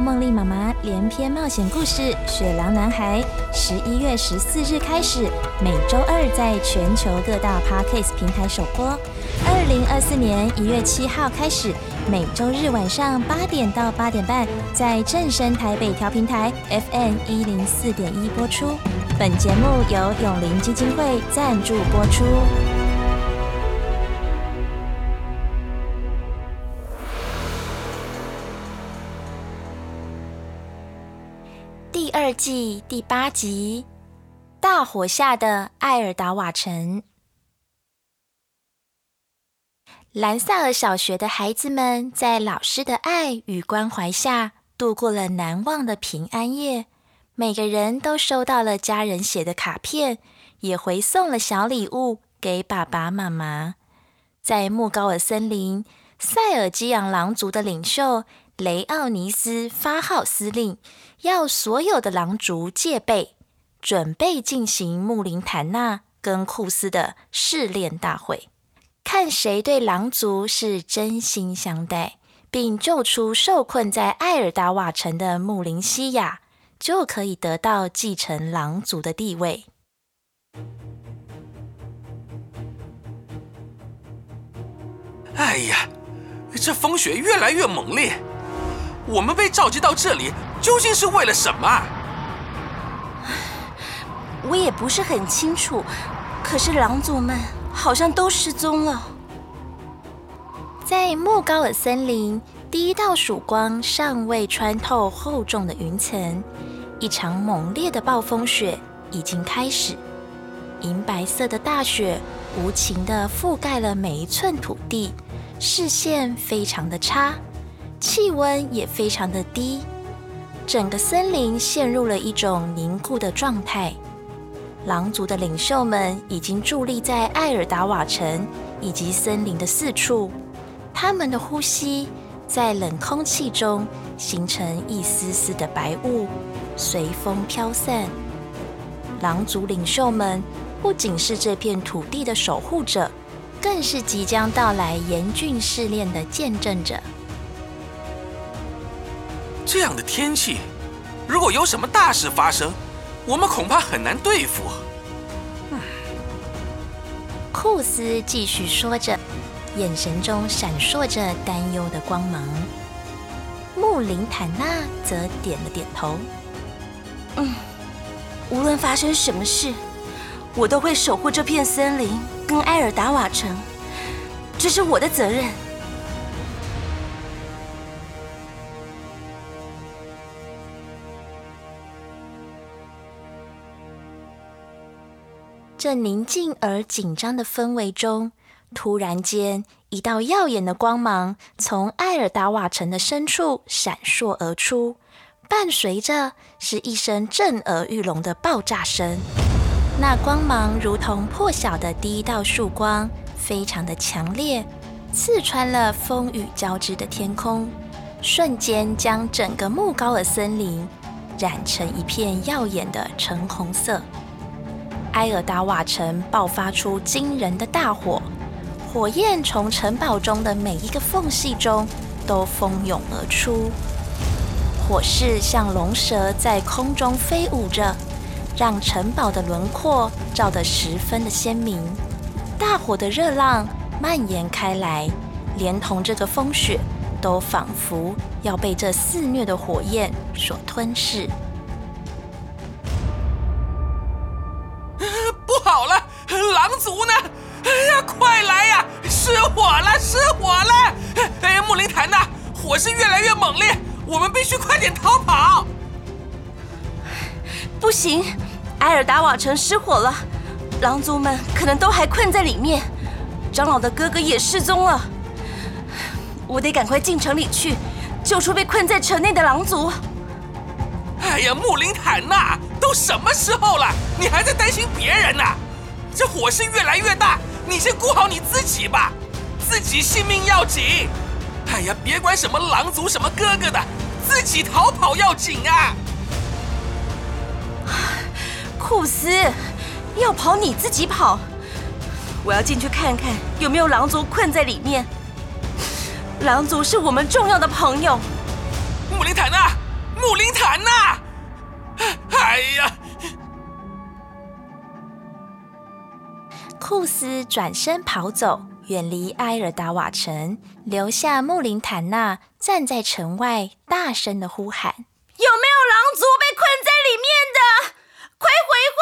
《夢莉媽媽連篇冒險故事：雪狼男孩》，十一月十四日開始，每周二在全球各大 Podcast 平台首播。二零二四年一月七號開始，每周日晚上八點到八點半，在正聲台北調頻台 FM 一零四點一播出。本節目由永齡基金會贊助播出。二季第八集《大火下的埃爾達瓦城》。蘭薩爾小學的孩子們在老師的愛與關懷下度過了難忘的平安夜。每個人都收到了家人寫的卡片，也回送了小禮物給爸爸媽媽。在莫高爾森林，塞爾基養狼族的領袖雷奧尼斯發號施令。要所有的狼族戒備，準備進行穆林坦納跟庫斯的試煉大會，看誰對狼族是真心相待，並救出受困在埃爾達瓦城的穆林西亞，就可以得到繼承狼族的地位。哎呀，這風雪越來越猛烈。我們被召集到這裡，究竟是為了什麼？我也不是很清楚。可是狼族們好像都失蹤了。在莫高爾森林，第一道曙光尚未穿透厚重的雲層，一場猛烈的暴風雪已經開始。銀白色的大雪無情地覆蓋了每一寸土地，視線非常的差。氣溫也非常的低，整個森林陷入了一種凝固的狀態。狼族的領袖們已經佇立在埃爾達瓦城以及森林的四處，他們的呼吸在冷空氣中形成一絲絲的白霧，隨風飄散。狼族領袖們不僅是這片土地的守護者，更是即將到來嚴峻試煉的見證者。這樣的天氣，如果有什麼大事發生，我們恐怕很難對付。嗯，庫斯繼續說着，眼神中閃爍着擔憂的光芒。穆林坦納則點了點頭。嗯，無論發生什麼事，我都會守護這片森林跟埃爾達瓦城，這是我的責任。這寧靜而緊張的氛圍中，突然間，一道耀眼的光芒從埃爾達瓦城的深處閃爍而出，伴隨着是一聲震耳欲聾的爆炸聲。那光芒如同破曉的第一道曙光，非常的強烈，刺穿了風雨交織的天空，瞬間將整個穆高爾森林染成一片耀眼的橙紅色。埃爾達瓦城爆發出驚人的大火，火焰從城堡中的每一個縫隙中都蜂擁而出，火勢像龍蛇在空中飛舞着，讓城堡的輪廓照得十分的鮮明。大火的熱浪蔓延開來，連同這個風雪，都仿佛要被這肆虐的火焰所吞噬。族呢？哎呀，快來呀！失火了，失火了！哎呀，木林坦娜，火勢越來越猛烈，我們必須快點逃跑！不行，埃爾達瓦城失火了，狼族們可能都還困在裡面，長老的哥哥也失蹤了，我得趕快進城裡去救出被困在城內的狼族。哎呀，木林坦娜，都什麼時候了，你還在擔心別人呢、啊？這火勢越來越大，你先顧好你自己吧，自己性命要緊。哎呀，別管什麼狼族，什麼哥哥的，自己逃跑要緊啊！庫斯，要跑你自己跑，我要進去看看有沒有狼族困在裡面。狼族是我們重要的朋友。穆林坦納，穆林坦納！哎呀。庫斯轉身跑走，遠離埃爾達瓦城，留下穆林坦納站在城外，大聲地呼喊：“有沒有狼族被困在裡面的？快回話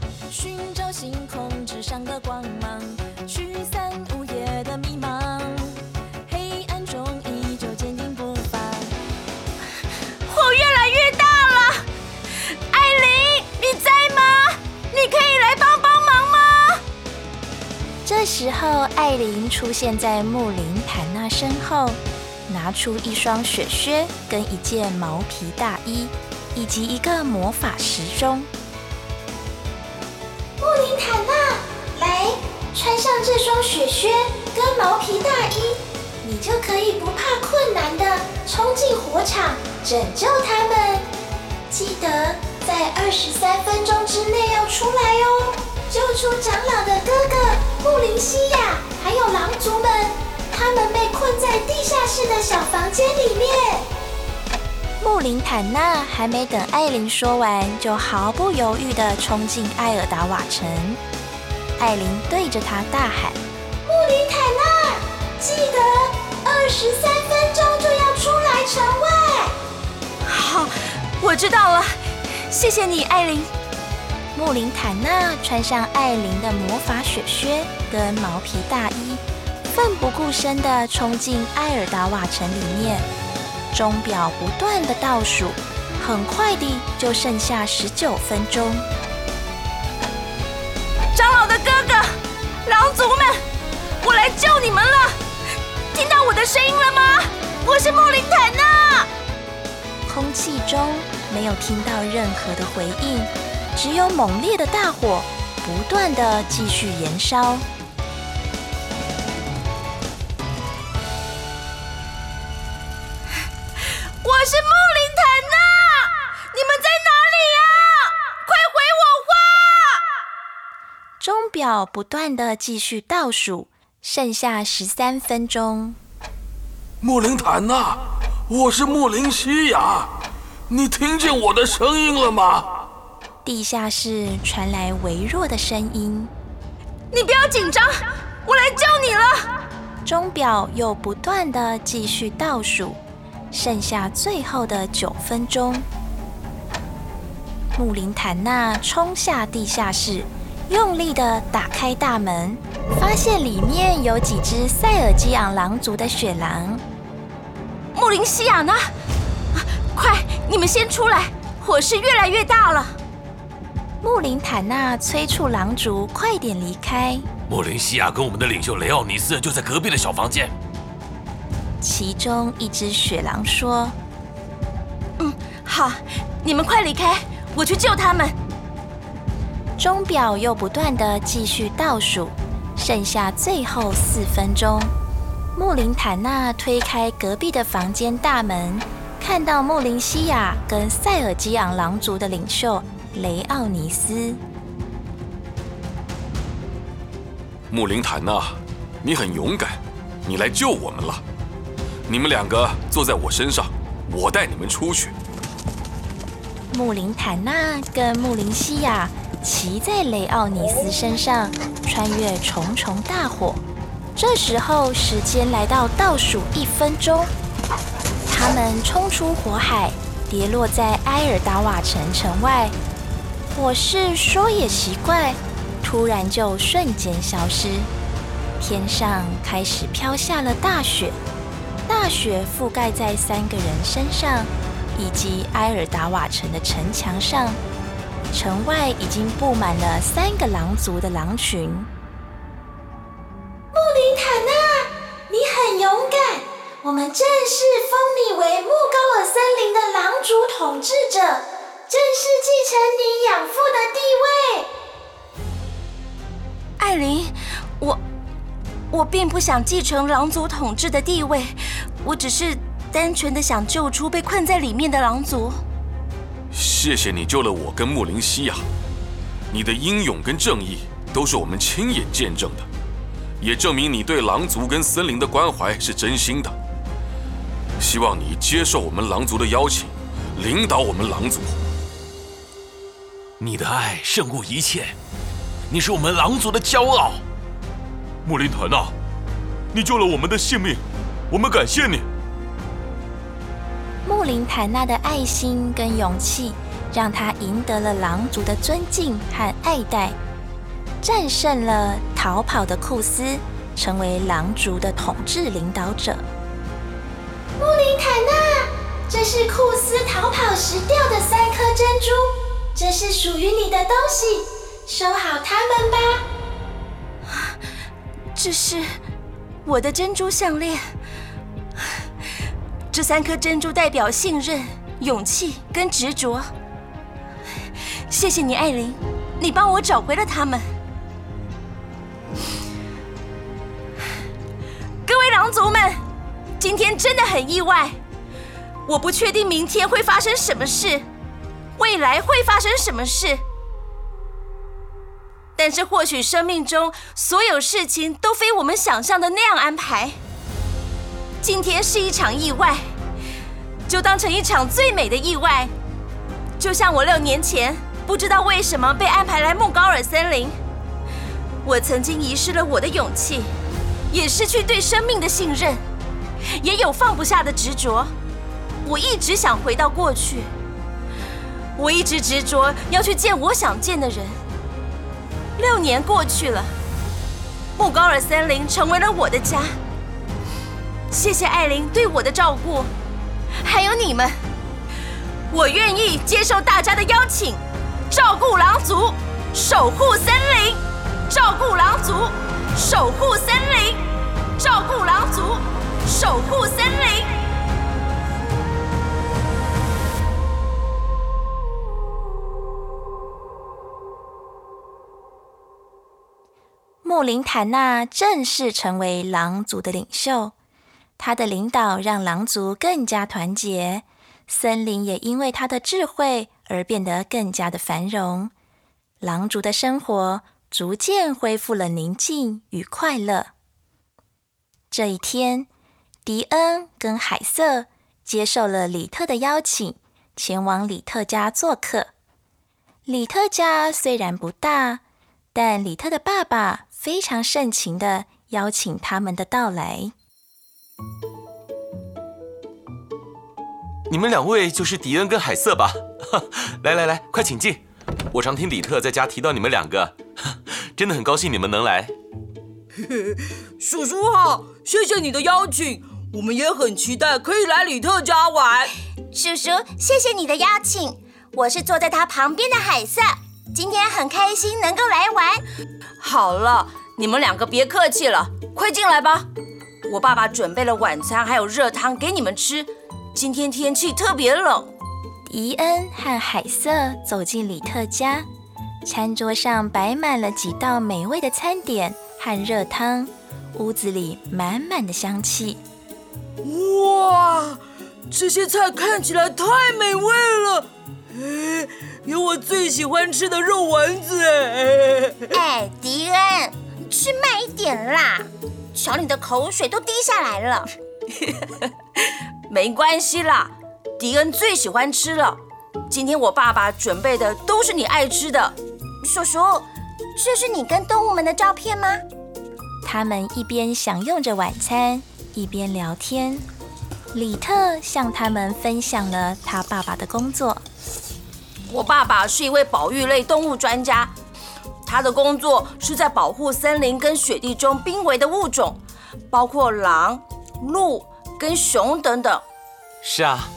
啊！”尋找星空之上的光芒。之後，艾琳出現在穆林坦納身後，拿出一雙雪靴跟一件毛皮大衣，以及一個魔法時鐘。穆林坦納，來，穿上這雙雪靴跟毛皮大衣，你就可以不怕困難的衝進火場拯救他們。記得在二十三分鐘之內要出來哦，救出長老的哥哥。穆林西亞還有狼族們，他們被困在地下室的小房間裡面。穆林坦納還沒等艾琳說完，就毫不猶豫地衝進埃爾達瓦城。艾琳對着他大喊：“穆林坦納，記得二十三分鐘就要出來城外。”好，我知道了，謝謝你，艾琳。穆林坦納穿上艾琳的魔法雪靴跟毛皮大衣，奮不顧身的衝進埃爾達瓦城裡面。鐘錶不斷的倒數，很快地就剩下十九分鐘。長老的哥哥，狼族們，我來救你們了！聽到我的聲音了嗎？我是穆林坦納。空氣中沒有聽到任何的回應。只有猛烈的大火不斷的繼續燃燒。我是木靈坦吶，啊、你們在哪裡呀、啊？啊、快回我話！鐘表不斷的繼續倒數，剩下十三分鐘。木靈坦吶，我是木靈西雅，你聽見我的聲音了嗎？地下室傳來微弱的聲音：“你不要緊張，我來救你了。”鐘錶又不斷的繼續倒數，剩下最後的九分鐘。穆林坦納衝下地下室，用力的打開大門，發現裡面有幾隻塞爾基昂狼族的雪狼。穆林西亞娜，啊？快，你們先出來，火勢越來越大了。穆林坦納催促狼族快點離開。穆林西亞跟我們的領袖雷奧尼斯就在隔壁的小房間。其中一隻雪狼說：“嗯，好，你們快離開，我去救他們。”鐘錶又不斷地繼續倒數，剩下最後四分鐘。穆林坦納推開隔壁的房間大門，看到穆林西亞跟塞爾吉昂狼族的領袖。雷奧尼斯，穆林坦娜，你很勇敢，你來救我們了。你們兩個坐在我身上，我帶你們出去。穆林坦娜跟穆林西亞騎在雷奧尼斯身上，穿越重重大火。這時候，時間來到倒數一分鐘，他們衝出火海，跌落在埃爾達瓦城城外。我是說，也奇怪，突然就瞬間消失。天上開始飄下了大雪，大雪覆蓋在三個人身上，以及埃爾達瓦城的城牆上。城外已經布滿了三個狼族的狼群。穆林塔娜，你很勇敢，我們正式封你為穆高爾森林的狼族統治者。正式繼承你養父的地位。艾琳，我我並不想繼承狼族統治的地位，我只是單純的想救出被困在裡面的狼族。謝謝你救了我跟穆林西亞啊，你的英勇跟正義都是我們親眼見證的，也證明你對狼族跟森林的關懷是真心的。希望你接受我們狼族的邀請，領導我們狼族。你的愛勝過一切，你是我們狼族的驕傲，穆林坦納，你救了我們的性命，我們感謝你。穆林坦納的愛心跟勇氣，讓他贏得了狼族的尊敬和愛戴，戰勝了逃跑的庫斯，成為狼族的統治領導者。穆林坦納，這是庫斯逃跑時掉的三顆珍珠。這是屬於你的東西，收好它們吧。這是我的珍珠項鏈，這三顆珍珠代表信任、勇氣跟執着。謝謝你，艾琳，你幫我找回了他們。各位狼族們，今天真的很意外，我不確定明天會發生什麼事。未來會發生什麼事？但是或許生命中所有事情都非我們想象的那樣安排。今天是一場意外，就當成一場最美的意外。就像我六年前不知道為什麼被安排來孟高爾森林，我曾經遺失了我的勇氣，也失去對生命的信任，也有放不下的執着。我一直想回到過去。我一直執着要去見我想見的人。六年過去了，木高爾森林成為了我的家。謝謝艾琳對我的照顧，還有你們，我願意接受大家的邀請，照顧狼族，守護森林，照顧狼族，守護森林，照顧狼族，守護森林。穆林坦納正式成為狼族的領袖。他的領導讓狼族更加團結，森林也因為他的智慧而變得更加的繁榮。狼族的生活逐漸恢復了寧靜與快樂。這一天，迪恩跟海瑟接受了李特的邀請，前往李特家做客。李特家雖然不大，但李特的爸爸。非常盛情的邀請他們的到來。你們兩位就是迪恩跟海瑟吧？來來來，快請進。我常聽里特在家提到你們兩個，真的很高興你們能來。嘿嘿，叔叔好，謝謝你的邀請，我們也很期待可以來里特家玩。叔叔，謝謝你的邀請，我是坐在他旁邊的海瑟。今天很開心能夠來玩。好了，你們兩個別客氣了，快進來吧。我爸爸準備了晚餐還有熱湯給你們吃，今天天氣特別冷。迪恩和海瑟走進里特家，餐桌上擺滿了幾道美味的餐點和熱湯，屋子裡滿滿的香氣。哇，這些菜看起來太美味了。哎有我最喜歡吃的肉丸子，哎！哎，迪恩，吃慢一點啦，瞧你的口水都滴下來了。 沒關係啦，迪恩最喜歡吃了。今天我爸爸準備的都是你愛吃的。叔叔，這是你跟動物們的照片嗎？他們一邊享用着晚餐，一邊聊天。李特向他們分享了他爸爸的工作。我爸爸是一位保育類動物專家，他的工作是在保護森林跟雪地中瀕危的物種，包括狼、鹿跟熊等等。是啊，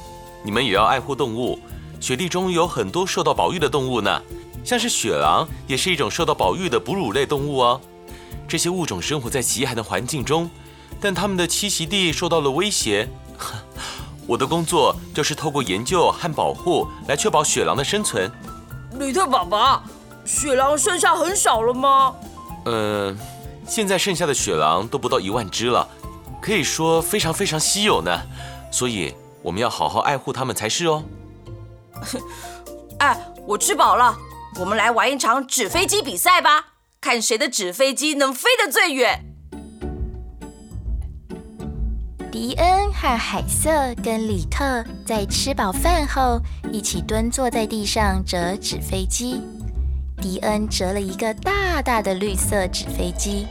你們也要愛護動物。雪地中有很多受到保育的動物呢，像是雪狼，也是一種受到保育的哺乳類動物哦。這些物種生活在極寒的環境中，但它們的棲息地受到了威脅。我的工作就是透過研究和保護來確保雪狼的生存。呂特爸爸，雪狼剩下很少了嗎？嗯、呃，現在剩下的雪狼都不到一萬隻了，可以說非常非常稀有呢。所以我們要好好愛護它們才是哦。哼。哎，我吃飽了，我們來玩一場紙飛機比賽吧，看誰的紙飛機能飛得最遠。迪恩和海瑟跟李特在吃飽飯後一起蹲坐在地上折紙飛機。迪恩折了一個大大的綠色紙飛機，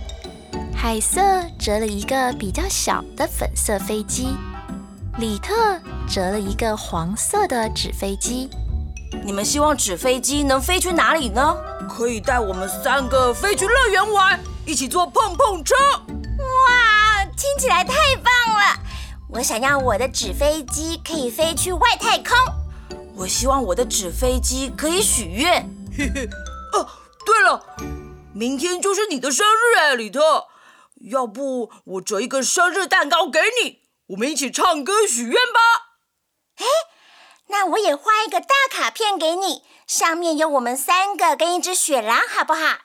海瑟折了一個比較小的粉色飛機，李特折了一個黃色的紙飛機。你們希望紙飛機能飛去哪裡呢？可以帶我們三個飛去樂園玩，一起坐碰碰車。哇！聽起來太棒了！我想要我的紙飛機可以飛去外太空。我希望我的紙飛機可以許願。嘿嘿，哦，對了，明天就是你的生日，艾里特。要不我折一個生日蛋糕給你，我們一起唱歌許願吧。哎，那我也畫一個大卡片給你，上面有我們三個跟一隻雪狼，好不好？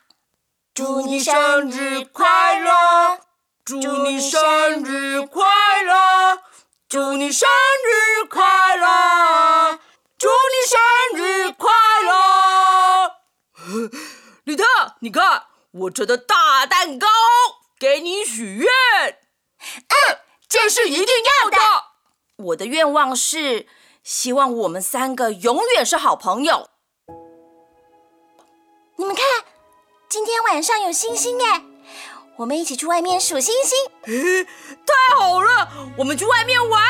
祝你生日快樂！祝你生日快樂！祝你生日快樂！祝你生日快樂！李特，你看我做的大蛋糕，給你許願。嗯，這是一定要的。要的，我的願望是，希望我們三個永遠是好朋友。你們看，今天晚上有星星耶。我們一起去外面數星星。太好了，我們去外面玩。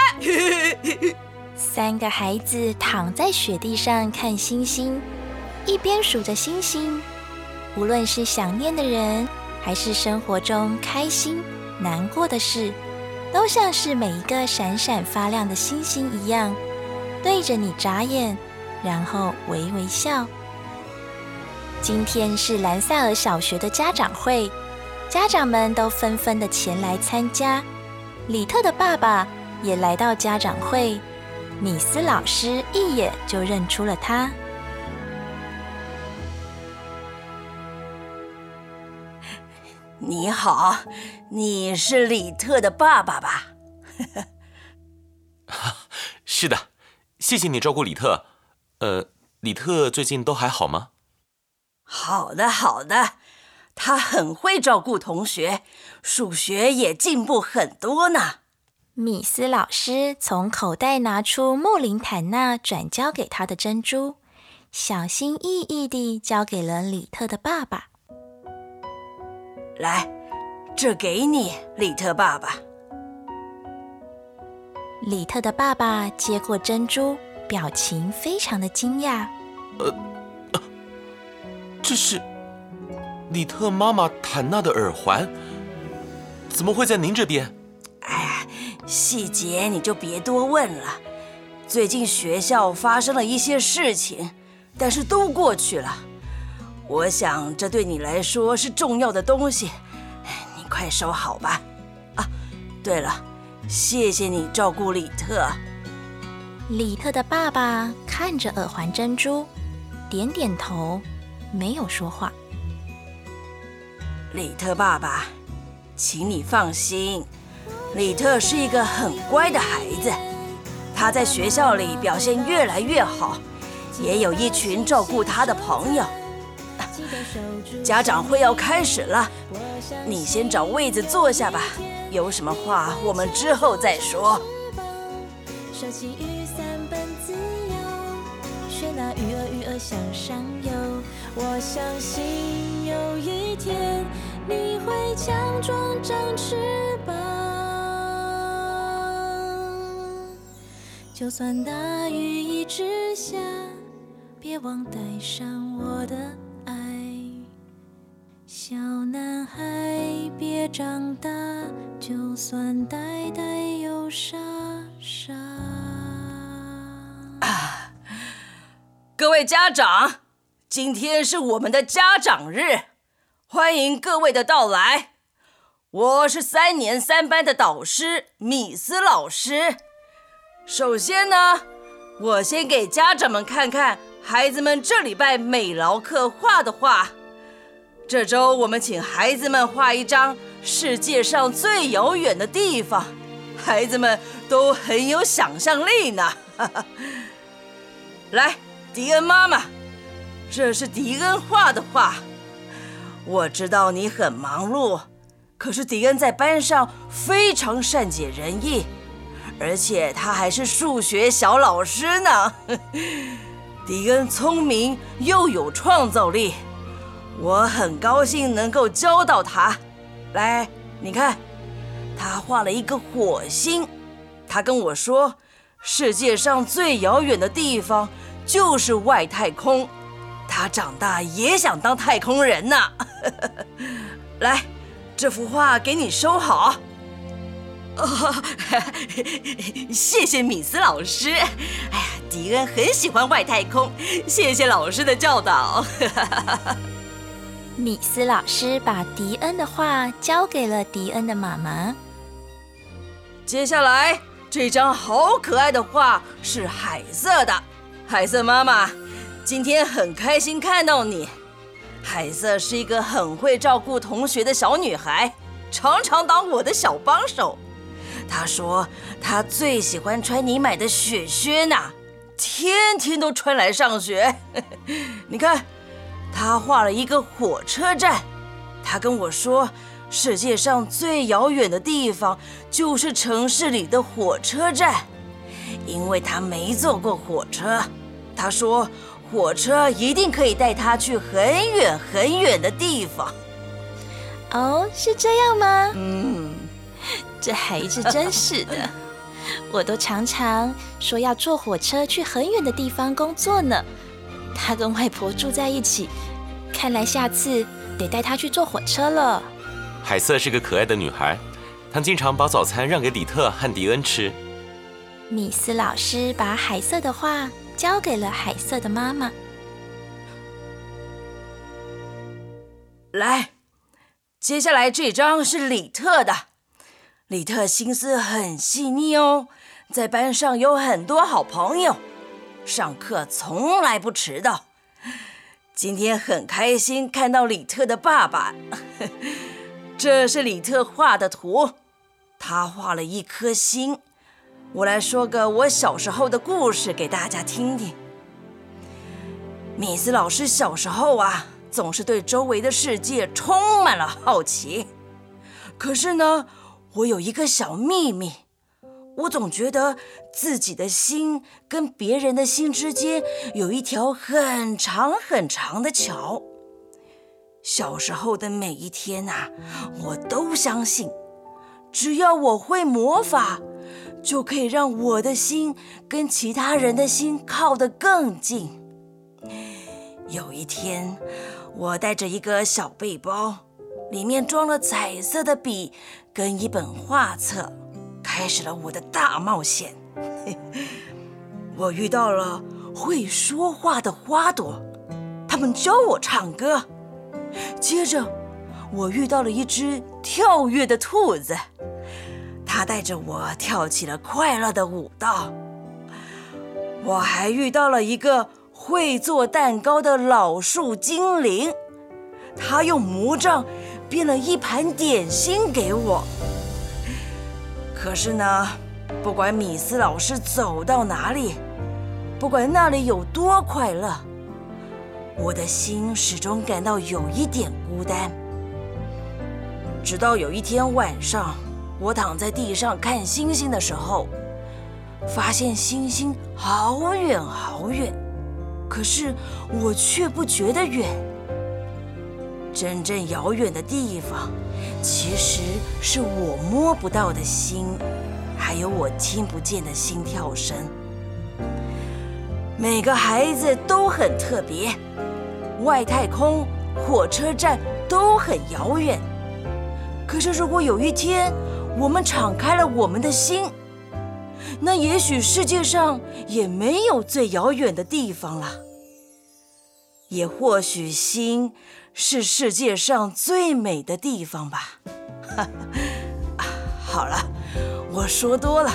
三個孩子躺在雪地上看星星，一邊數着星星。無論是想念的人，還是生活中開心、難過的事，都像是每一個閃閃發亮的星星一樣，對着你眨眼，然後微微笑。今天是蘭薩爾小學的家長會。家長們都紛紛的前來參加，李特的爸爸也來到家長會，米斯老師一眼就認出了他。你好，你是李特的爸爸吧？ 是的，謝謝你照顧李特。呃，李特最近都還好嗎？好的，好的。他很會照顧同學，數學也進步很多呢。米斯老師從口袋拿出穆林坦納轉交給他的珍珠，小心翼翼地交給了李特的爸爸。來，這給你，李特爸爸。李特的爸爸接過珍珠，表情非常的驚訝。呃，這是。李特媽媽坦娜的耳環，怎麼會在您這邊？哎呀，細節你就別多問了。最近學校發生了一些事情，但是都過去了。我想這對你來說是重要的東西，你快收好吧。啊，對了，謝謝你照顧李特。李特的爸爸看着耳環珍珠，點點頭，沒有說話。李特爸爸，請你放心，李特是一個很乖的孩子，他在學校裡表現越來越好，也有一群照顧他的朋友。家長會要開始了，你先找位子坐下吧，有什麼話我們之後再說。你會強壯長翅膀，就算大雨一直下，別忘帶上我的愛。小男孩別長大，就算呆呆又傻傻。啊！各位家長，今天是我們的家長日。歡迎各位的到來，我是三年三班的導師米斯老師。首先呢，我先給家長們看看孩子們這禮拜美勞課畫的畫。這週我們請孩子們畫一張世界上最遙遠的地方，孩子們都很有想象力呢。哈哈。來，迪恩媽媽，這是迪恩畫的畫。我知道你很忙碌，可是迪恩在班上非常善解人意，而且他還是數學小老師呢。呵呵，迪恩聰明又有創造力，我很高興能夠教到他。來，你看，他畫了一個火星。他跟我說，世界上最遙遠的地方就是外太空。他長大也想當太空人呢。 來，這幅畫給你收好。 哦，謝謝米斯老師。哎呀，迪恩很喜歡外太空。謝謝老師的教導。 米斯老師把迪恩的畫交給了迪恩的媽媽。接下來這張好可愛的畫是海瑟的，海瑟媽媽。今天很開心看到你，孩子是一個很會照顧同學的小女孩，常常當我的小幫手。她說她最喜歡穿你買的雪靴呢，天天都穿來上學。你看，她畫了一個火車站，她跟我說世界上最遙遠的地方就是城市裡的火車站，因為她沒坐過火車。她說。火車一定可以帶他去很遠很遠的地方。哦，是這樣嗎？嗯，這孩子真是的， 我都常常說要坐火車去很遠的地方工作呢。他跟外婆住在一起，看來下次得帶他去坐火車了。海瑟是個可愛的女孩，她經常把早餐讓給李特和迪恩吃。米斯老師把海瑟的話。交給了海瑟的媽媽。來，接下來這張是李特的。李特心思很細膩哦，在班上有很多好朋友，上課從來不遲到。今天很開心看到李特的爸爸。這是李特畫的圖，他畫了一顆心。我來說個我小時候的故事給大家聽聽。米斯老師小時候啊，總是對周圍的世界充滿了好奇。可是呢，我有一個小秘密，我總覺得自己的心跟別人的心之間有一條很長很長的橋。小時候的每一天啊，我都相信，只要我會魔法，就可以讓我的心跟其他人的心靠得更近。有一天，我帶着一個小背包，裡面裝了彩色的筆跟一本畫冊，開始了我的大冒險。 我遇到了會說話的花朵，他們教我唱歌。接着，我遇到了一只跳躍的兔子。他帶着我跳起了快樂的舞蹈，我還遇到了一個會做蛋糕的老樹精靈，他用魔杖變了一盤點心給我。可是呢，不管米斯老師走到哪裡，不管那裡有多快樂，我的心始終感到有一點孤單。直到有一天晚上。我躺在地上看星星的時候，發現星星好遠好遠，可是我卻不覺得遠。真正遙遠的地方，其實是我摸不到的心，還有我聽不見的心跳聲。每個孩子都很特別，外太空、火車站都很遙遠，可是如果有一天，我們敞開了我們的心，那也許世界上也沒有最遙遠的地方了。也或許心是世界上最美的地方吧。哈哈。好了，我說多了，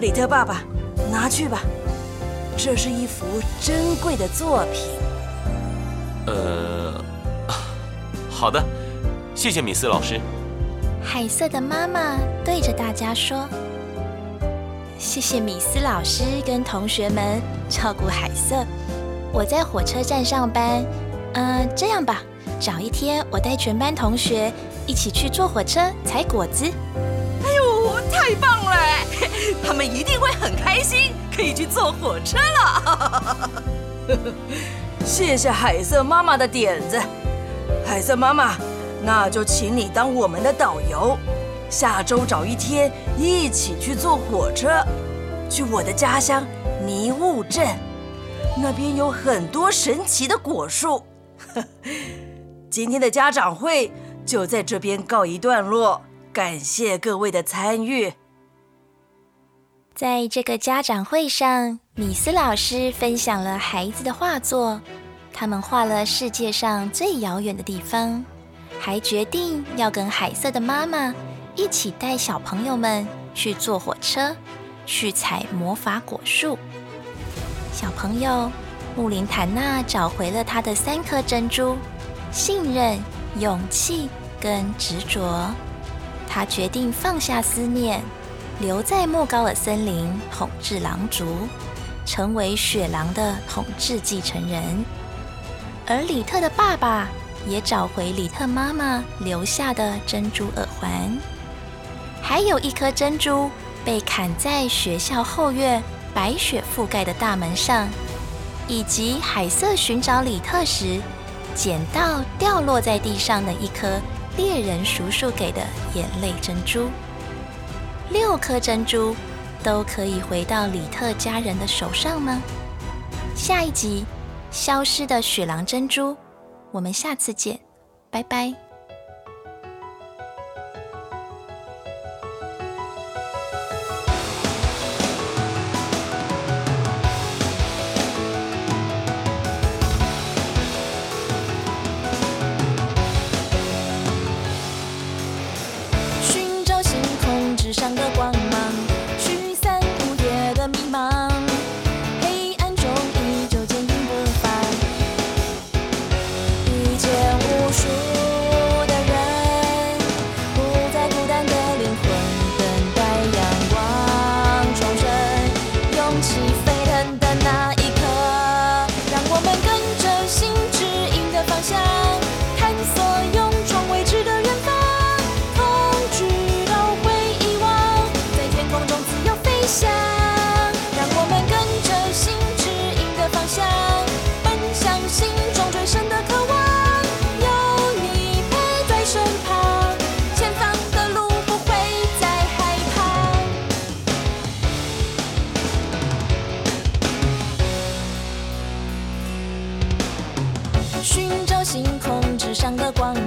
李特爸爸，拿去吧，這是一幅珍貴的作品。呃，好的，謝謝米斯老師。海瑟的媽媽對着大家說：“謝謝米斯老師跟同學們照顧海瑟。我在火車站上班，嗯、呃，這樣吧，找一天我帶全班同學一起去坐火車採果子。哎呦，太棒了！ 他們一定會很開心，可以去坐火車了。 謝謝海瑟媽媽的點子，海瑟媽媽。”那就請你當我們的導遊，下週找一天一起去坐火車，去我的家鄉迷霧鎮，那邊有很多神奇的果樹。 今天的家長會就在這邊告一段落，感謝各位的參與。在這個家長會上，米斯老師分享了孩子的畫作，他們畫了世界上最遙遠的地方。還決定要跟海瑟的媽媽一起帶小朋友們去坐火車，去採魔法果樹。小朋友穆林坦納找回了他的三顆珍珠：信任、勇氣跟執着。他決定放下思念，留在莫高爾森林統治狼族，成為雪狼的統治繼承人。而李特的爸爸，也找回李特媽媽留下的珍珠耳環，還有一顆珍珠被砍在學校後院白雪覆蓋的大門上，以及海瑟尋找李特時撿到掉落在地上的一顆獵人叔叔給的眼淚珍珠。六顆珍珠都可以回到李特家人的手上嗎？下一集：消失的雪狼珍珠。我們下次見，拜拜。